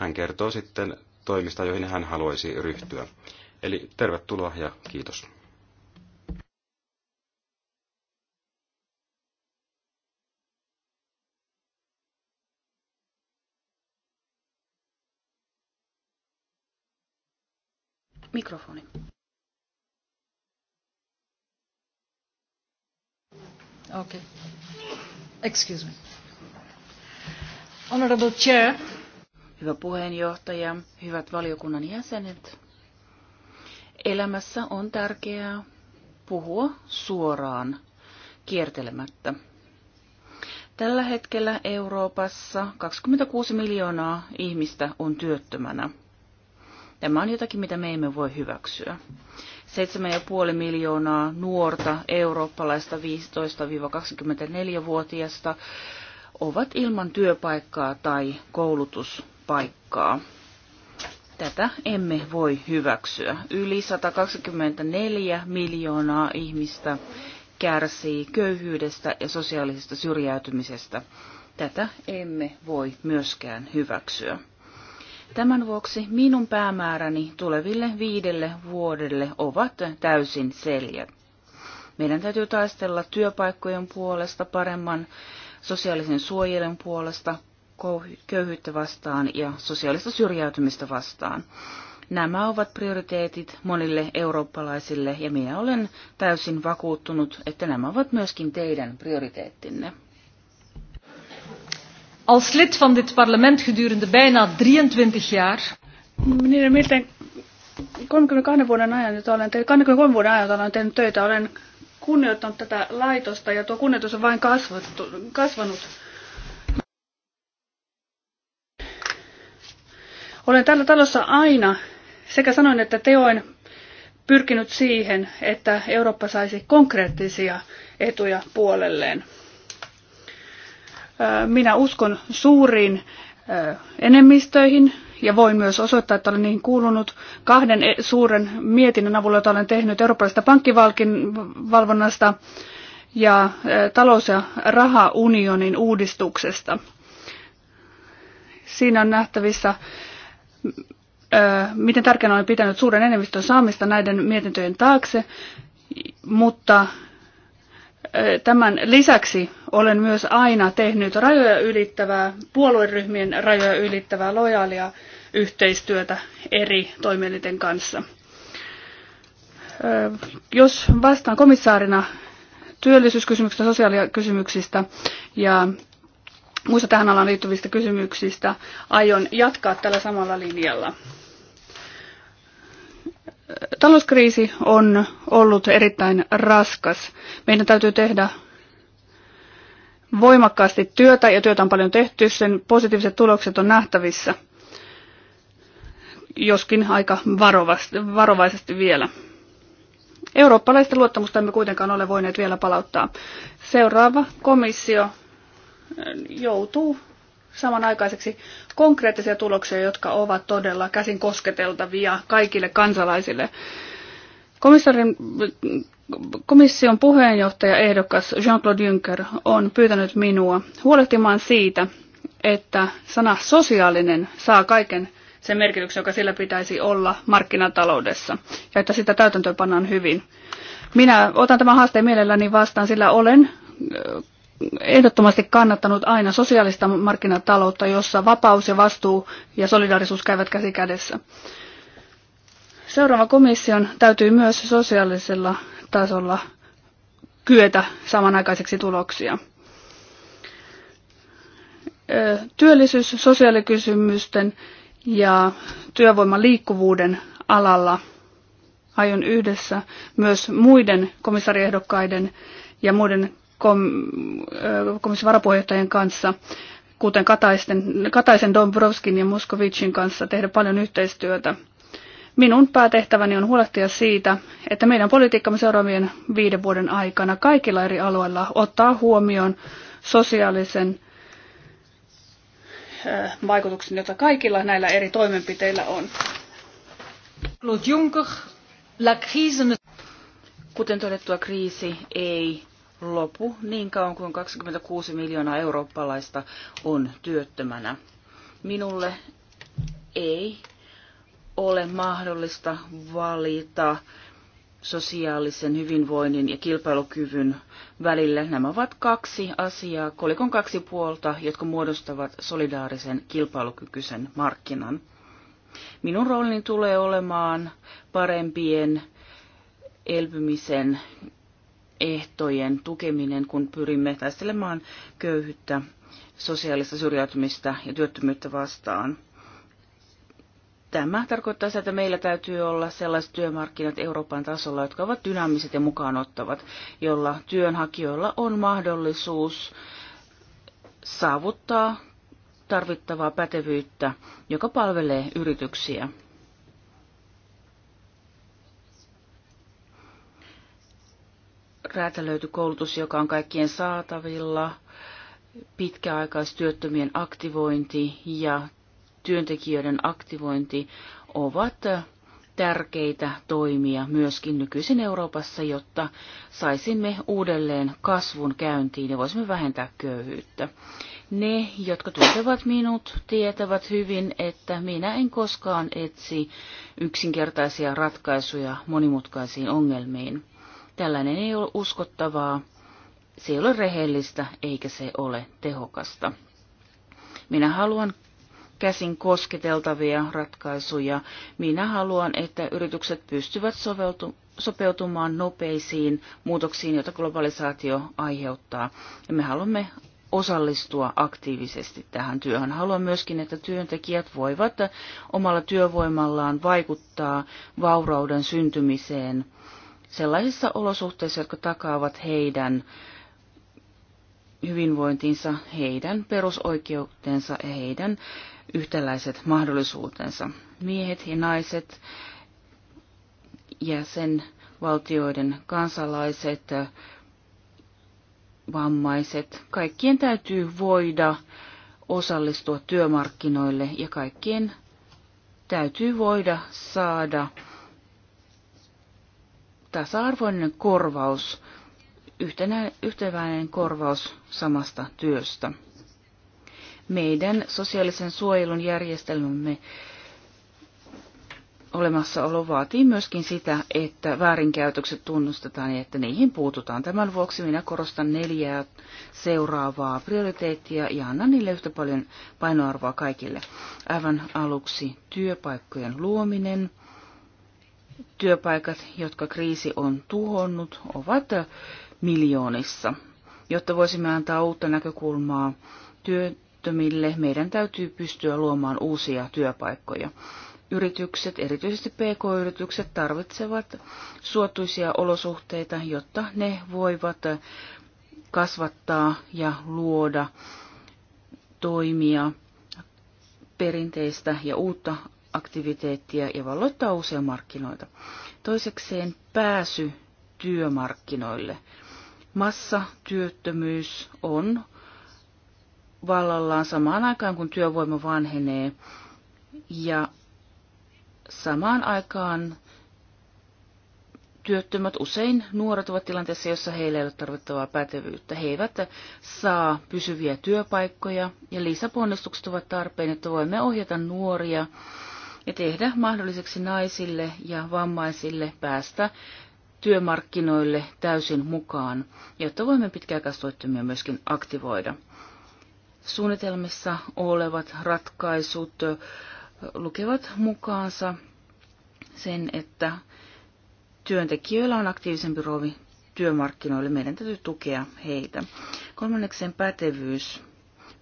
Hän kertoo sitten toimista, joihin hän haluaisi ryhtyä. Eli tervetuloa ja kiitos. Mikrofoni. Okay. Excuse me. Honorable Chair, Hyvä puheenjohtaja, hyvät valiokunnan jäsenet. Elämässä on tärkeää puhua suoraan, kiertelemättä. Tällä hetkellä Euroopassa 26 miljoonaa ihmistä on työttömänä. Tämä on jotakin, mitä me emme voi hyväksyä. 7,5 miljoonaa nuorta eurooppalaista 15-24-vuotiaista ovat ilman työpaikkaa tai koulutus paikkaa. Tätä emme voi hyväksyä. Yli 124 miljoonaa ihmistä kärsii köyhyydestä ja sosiaalisesta syrjäytymisestä. Tätä emme voi myöskään hyväksyä. Tämän vuoksi minun päämääräni tuleville viidelle vuodelle ovat täysin seljät. Meidän täytyy taistella työpaikkojen puolesta, paremman sosiaalisen suojelun puolesta, köyhyyttä vastaan ja sosiaalista syrjäytymistä vastaan. Nämä ovat prioriteetit monille eurooppalaisille ja minä olen täysin vakuuttunut, että nämä ovat myöskin teidän prioriteettinne. Als lid van dit parlement gedurende bijna 23 jaar. Meneer Milten, 32 vuoden ajan, jota olen tehnyt, 23 vuoden ajan, jota olen tehnyt töitä, olen kunnioittanut tätä laitosta ja tuo kunnioitus on vain kasvattu, kasvanut Olen täällä talossa aina sekä sanoin että teoin pyrkinyt siihen, että Eurooppa saisi konkreettisia etuja puolelleen. Minä uskon suuriin enemmistöihin ja voin myös osoittaa, että olen niihin kuulunut kahden e-, suuren mietinnön avulla, jota olen tehnyt eurooppalaisesta pankkivalvonnasta ja talous- ja rahaunionin uudistuksesta. Siinä on nähtävissä miten tärkeänä olen pitänyt suuren enemmistön saamista näiden mietintöjen taakse, mutta tämän lisäksi olen myös aina tehnyt rajoja ylittävää, puolueryhmien rajoja ylittävää lojaalia yhteistyötä eri toimielinten kanssa. Jos vastaan komissaarina työllisyyskysymyksistä, sosiaalikysymyksistä ja muista tähän alaan liittyvistä kysymyksistä aion jatkaa tällä samalla linjalla. Talouskriisi on ollut erittäin raskas. Meidän täytyy tehdä voimakkaasti työtä ja työtä on paljon tehty. Sen positiiviset tulokset on nähtävissä, joskin aika varovaisesti vielä. Eurooppalaisten luottamusta emme kuitenkaan ole voineet vielä palauttaa. Seuraava komissio joutuu samanaikaiseksi konkreettisia tuloksia, jotka ovat todella käsin kosketeltavia kaikille kansalaisille. Komissarin, komission puheenjohtaja ehdokas Jean-Claude Juncker on pyytänyt minua huolehtimaan siitä, että sana sosiaalinen saa kaiken sen merkityksen, joka sillä pitäisi olla markkinataloudessa, ja että sitä täytäntöön pannaan hyvin. Minä otan tämän haasteen mielelläni vastaan, sillä olen ehdottomasti kannattanut aina sosiaalista markkinataloutta, jossa vapaus ja vastuu ja solidaarisuus käyvät käsi kädessä. Seuraava komission täytyy myös sosiaalisella tasolla kyetä samanaikaiseksi tuloksia. Työllisyys, sosiaalikysymysten ja työvoiman liikkuvuuden alalla aion yhdessä myös muiden komissariehdokkaiden ja muiden komission varapuheenjohtajien kanssa, kuten Kataisten, Kataisen Dombrovskin ja Muskovicin kanssa, tehdä paljon yhteistyötä. Minun päätehtäväni on huolehtia siitä, että meidän politiikkamme seuraavien viiden vuoden aikana kaikilla eri alueilla ottaa huomioon sosiaalisen vaikutuksen, jota kaikilla näillä eri toimenpiteillä on. Claude la Kuten todettua, kriisi ei lopu niin kauan kuin 26 miljoonaa eurooppalaista on työttömänä. Minulle ei ole mahdollista valita sosiaalisen hyvinvoinnin ja kilpailukyvyn välille. Nämä ovat kaksi asiaa, kolikon kaksi puolta, jotka muodostavat solidaarisen kilpailukykyisen markkinan. Minun roolini tulee olemaan parempien elpymisen ehtojen tukeminen, kun pyrimme taistelemaan köyhyyttä, sosiaalista syrjäytymistä ja työttömyyttä vastaan. Tämä tarkoittaa sitä, että meillä täytyy olla sellaiset työmarkkinat Euroopan tasolla, jotka ovat dynaamiset ja mukaanottavat, jolla työnhakijoilla on mahdollisuus saavuttaa tarvittavaa pätevyyttä, joka palvelee yrityksiä. räätälöity koulutus, joka on kaikkien saatavilla, pitkäaikaistyöttömien aktivointi ja työntekijöiden aktivointi ovat tärkeitä toimia myöskin nykyisin Euroopassa, jotta saisimme uudelleen kasvun käyntiin ja voisimme vähentää köyhyyttä. Ne, jotka tuntevat minut, tietävät hyvin, että minä en koskaan etsi yksinkertaisia ratkaisuja monimutkaisiin ongelmiin. Tällainen ei ole uskottavaa, se ei ole rehellistä eikä se ole tehokasta. Minä haluan käsin kosketeltavia ratkaisuja. Minä haluan, että yritykset pystyvät soveltu, sopeutumaan nopeisiin muutoksiin, joita globalisaatio aiheuttaa. Ja me haluamme osallistua aktiivisesti tähän työhön. Haluan myöskin, että työntekijät voivat omalla työvoimallaan vaikuttaa vaurauden syntymiseen sellaisissa olosuhteissa, jotka takaavat heidän hyvinvointinsa, heidän perusoikeutensa ja heidän yhtäläiset mahdollisuutensa. Miehet ja naiset, jäsenvaltioiden kansalaiset, vammaiset, kaikkien täytyy voida osallistua työmarkkinoille ja kaikkien täytyy voida saada tasa-arvoinen korvaus, yhtenä, yhtenäinen korvaus samasta työstä. Meidän sosiaalisen suojelun järjestelmämme olemassaolo vaatii myöskin sitä, että väärinkäytökset tunnustetaan ja että niihin puututaan. Tämän vuoksi minä korostan neljää seuraavaa prioriteettia ja annan niille yhtä paljon painoarvoa kaikille. Aivan aluksi työpaikkojen luominen – työpaikat, jotka kriisi on tuhonnut, ovat miljoonissa. Jotta voisimme antaa uutta näkökulmaa työttömille, meidän täytyy pystyä luomaan uusia työpaikkoja. Yritykset, erityisesti pk-yritykset, tarvitsevat suotuisia olosuhteita, jotta ne voivat kasvattaa ja luoda toimia perinteistä ja uutta aktiviteettia ja valloittaa uusia markkinoita. Toisekseen pääsy työmarkkinoille. Massa työttömyys on vallallaan samaan aikaan, kun työvoima vanhenee ja samaan aikaan työttömät, usein nuoret ovat tilanteessa, jossa heillä ei ole tarvittavaa pätevyyttä. He eivät saa pysyviä työpaikkoja ja lisäponnistukset ovat tarpeen, että voimme ohjata nuoria ja tehdä mahdolliseksi naisille ja vammaisille päästä työmarkkinoille täysin mukaan, jotta voimme pitkäaikaistyöttömiä myöskin aktivoida. Suunnitelmissa olevat ratkaisut lukevat mukaansa sen, että työntekijöillä on aktiivisempi rooli työmarkkinoille. Meidän täytyy tukea heitä. Kolmannekseen pätevyys.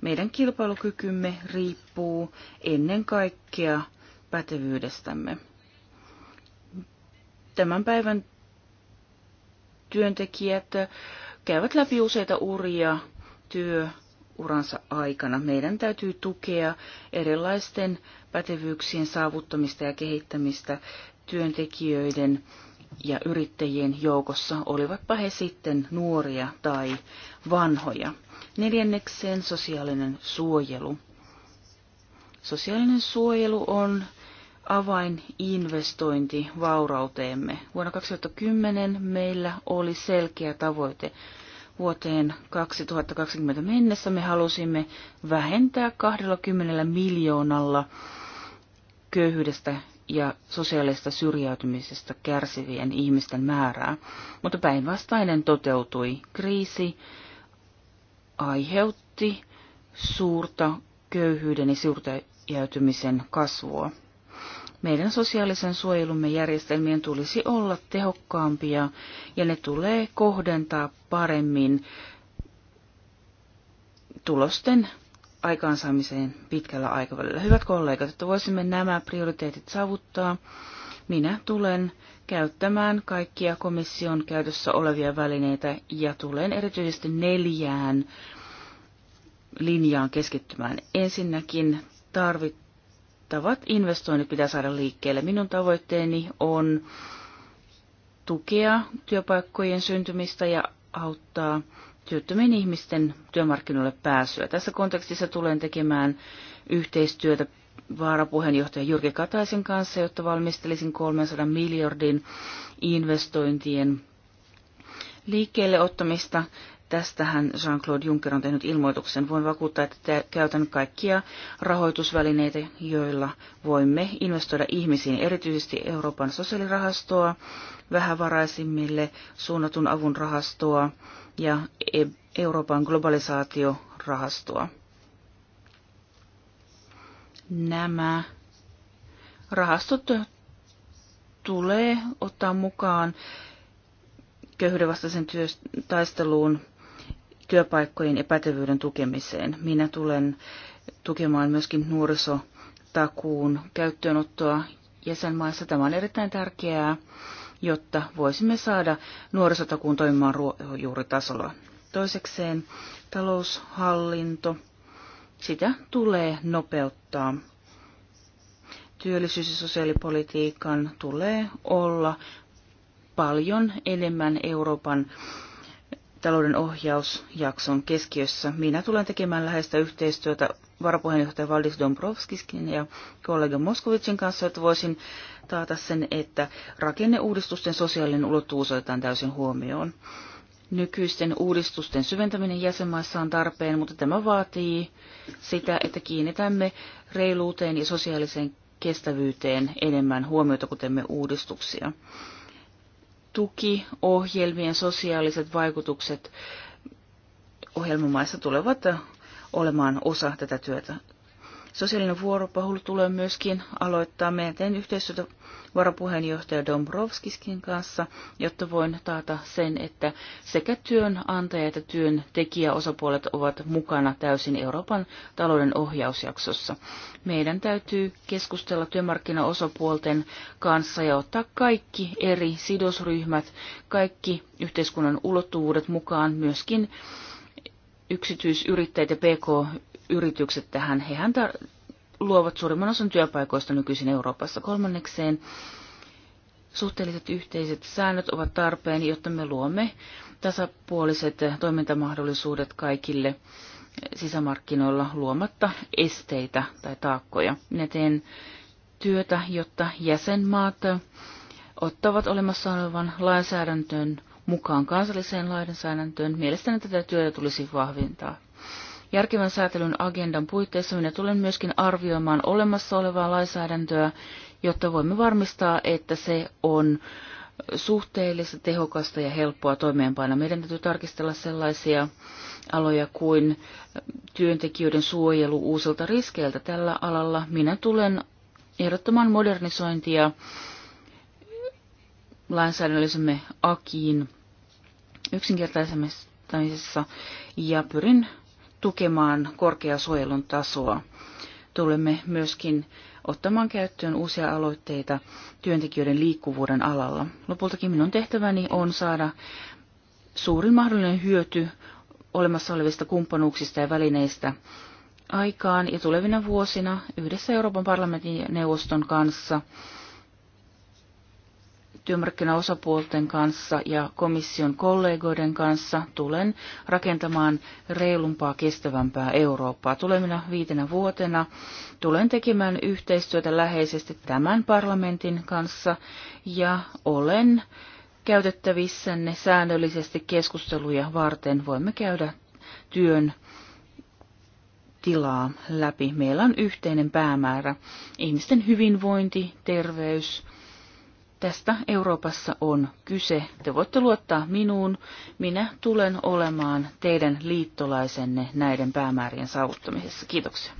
Meidän kilpailukykymme riippuu ennen kaikkea pätevyydestämme. Tämän päivän työntekijät käyvät läpi useita uria työuransa aikana. Meidän täytyy tukea erilaisten pätevyyksien saavuttamista ja kehittämistä työntekijöiden ja yrittäjien joukossa, olivatpa he sitten nuoria tai vanhoja. Neljännekseen sosiaalinen suojelu. Sosiaalinen suojelu on avaininvestointi vaurauteemme. Vuonna 2010 meillä oli selkeä tavoite. Vuoteen 2020 mennessä me halusimme vähentää 20 miljoonalla köyhyydestä ja sosiaalista syrjäytymisestä kärsivien ihmisten määrää, mutta päinvastainen toteutui. Kriisi aiheutti suurta köyhyyden ja syrjäytymisen kasvua meidän sosiaalisen suojelumme järjestelmien tulisi olla tehokkaampia ja ne tulee kohdentaa paremmin tulosten aikaansaamiseen pitkällä aikavälillä. Hyvät kollegat, että voisimme nämä prioriteetit saavuttaa, minä tulen käyttämään kaikkia komission käytössä olevia välineitä ja tulen erityisesti neljään linjaan keskittymään. Ensinnäkin tarvit, kannattavat investoinnit pitää saada liikkeelle. Minun tavoitteeni on tukea työpaikkojen syntymistä ja auttaa työttömien ihmisten työmarkkinoille pääsyä. Tässä kontekstissa tulen tekemään yhteistyötä vaarapuheenjohtaja Jyrki Kataisen kanssa, jotta valmistelisin 300 miljardin investointien liikkeelle ottamista Tästähän Jean-Claude Juncker on tehnyt ilmoituksen. Voin vakuuttaa, että käytän kaikkia rahoitusvälineitä, joilla voimme investoida ihmisiin, erityisesti Euroopan sosiaalirahastoa, vähävaraisimmille suunnatun avun rahastoa ja e- Euroopan globalisaatiorahastoa. Nämä rahastot tulee ottaa mukaan köyhyydenvastaisen taisteluun työpaikkojen epätevyyden tukemiseen. Minä tulen tukemaan myöskin nuorisotakuun käyttöönottoa jäsenmaissa. Tämä on erittäin tärkeää, jotta voisimme saada nuorisotakuun toimimaan ruohonjuuritasolla. Toisekseen taloushallinto, sitä tulee nopeuttaa. Työllisyys- ja sosiaalipolitiikan tulee olla paljon enemmän Euroopan talouden ohjausjakson keskiössä. Minä tulen tekemään läheistä yhteistyötä varapuheenjohtaja Valdis Dombrovskiskin ja kollega Moskovitsin kanssa, että voisin taata sen, että rakenneuudistusten sosiaalinen ulottuvuus otetaan täysin huomioon. Nykyisten uudistusten syventäminen jäsenmaissa on tarpeen, mutta tämä vaatii sitä, että kiinnitämme reiluuteen ja sosiaaliseen kestävyyteen enemmän huomiota, kuten me uudistuksia tukiohjelmien sosiaaliset vaikutukset ohjelmamaissa tulevat olemaan osa tätä työtä. Sosiaalinen vuoropuhelu tulee myöskin aloittaa. Meidän teen yhteistyötä varapuheenjohtaja Dombrovskiskin kanssa, jotta voin taata sen, että sekä työnantaja että työntekijäosapuolet ovat mukana täysin Euroopan talouden ohjausjaksossa. Meidän täytyy keskustella työmarkkinaosapuolten kanssa ja ottaa kaikki eri sidosryhmät, kaikki yhteiskunnan ulottuvuudet mukaan myöskin yksityisyrittäjät ja pk yritykset tähän. Hehän tar- luovat suurimman osan työpaikoista nykyisin Euroopassa. Kolmannekseen suhteelliset yhteiset säännöt ovat tarpeen, jotta me luomme tasapuoliset toimintamahdollisuudet kaikille sisämarkkinoilla luomatta esteitä tai taakkoja. Minä teen työtä, jotta jäsenmaat ottavat olemassa olevan lainsäädäntöön mukaan kansalliseen lainsäädäntöön. Mielestäni tätä työtä tulisi vahvintaa. Järkevän säätelyn agendan puitteissa minä tulen myöskin arvioimaan olemassa olevaa lainsäädäntöä, jotta voimme varmistaa, että se on suhteellista, tehokasta ja helppoa toimeenpana. Meidän täytyy tarkistella sellaisia aloja kuin työntekijöiden suojelu uusilta riskeiltä tällä alalla. Minä tulen ehdottamaan modernisointia lainsäädännöllisemme akiin yksinkertaisemmistamisessa ja pyrin tukemaan korkeasuojelun tasoa. Tulemme myöskin ottamaan käyttöön uusia aloitteita työntekijöiden liikkuvuuden alalla. Lopultakin minun tehtäväni on saada suurin mahdollinen hyöty olemassa olevista kumppanuuksista ja välineistä aikaan ja tulevina vuosina yhdessä Euroopan parlamentin neuvoston kanssa – työmarkkinaosapuolten kanssa ja komission kollegoiden kanssa tulen rakentamaan reilumpaa, kestävämpää Eurooppaa. tulemina viitenä vuotena tulen tekemään yhteistyötä läheisesti tämän parlamentin kanssa ja olen käytettävissänne säännöllisesti keskusteluja varten. Voimme käydä työn tilaa läpi. Meillä on yhteinen päämäärä. Ihmisten hyvinvointi, terveys, Tästä Euroopassa on kyse. Te voitte luottaa minuun. Minä tulen olemaan teidän liittolaisenne näiden päämäärien saavuttamisessa. Kiitoksia.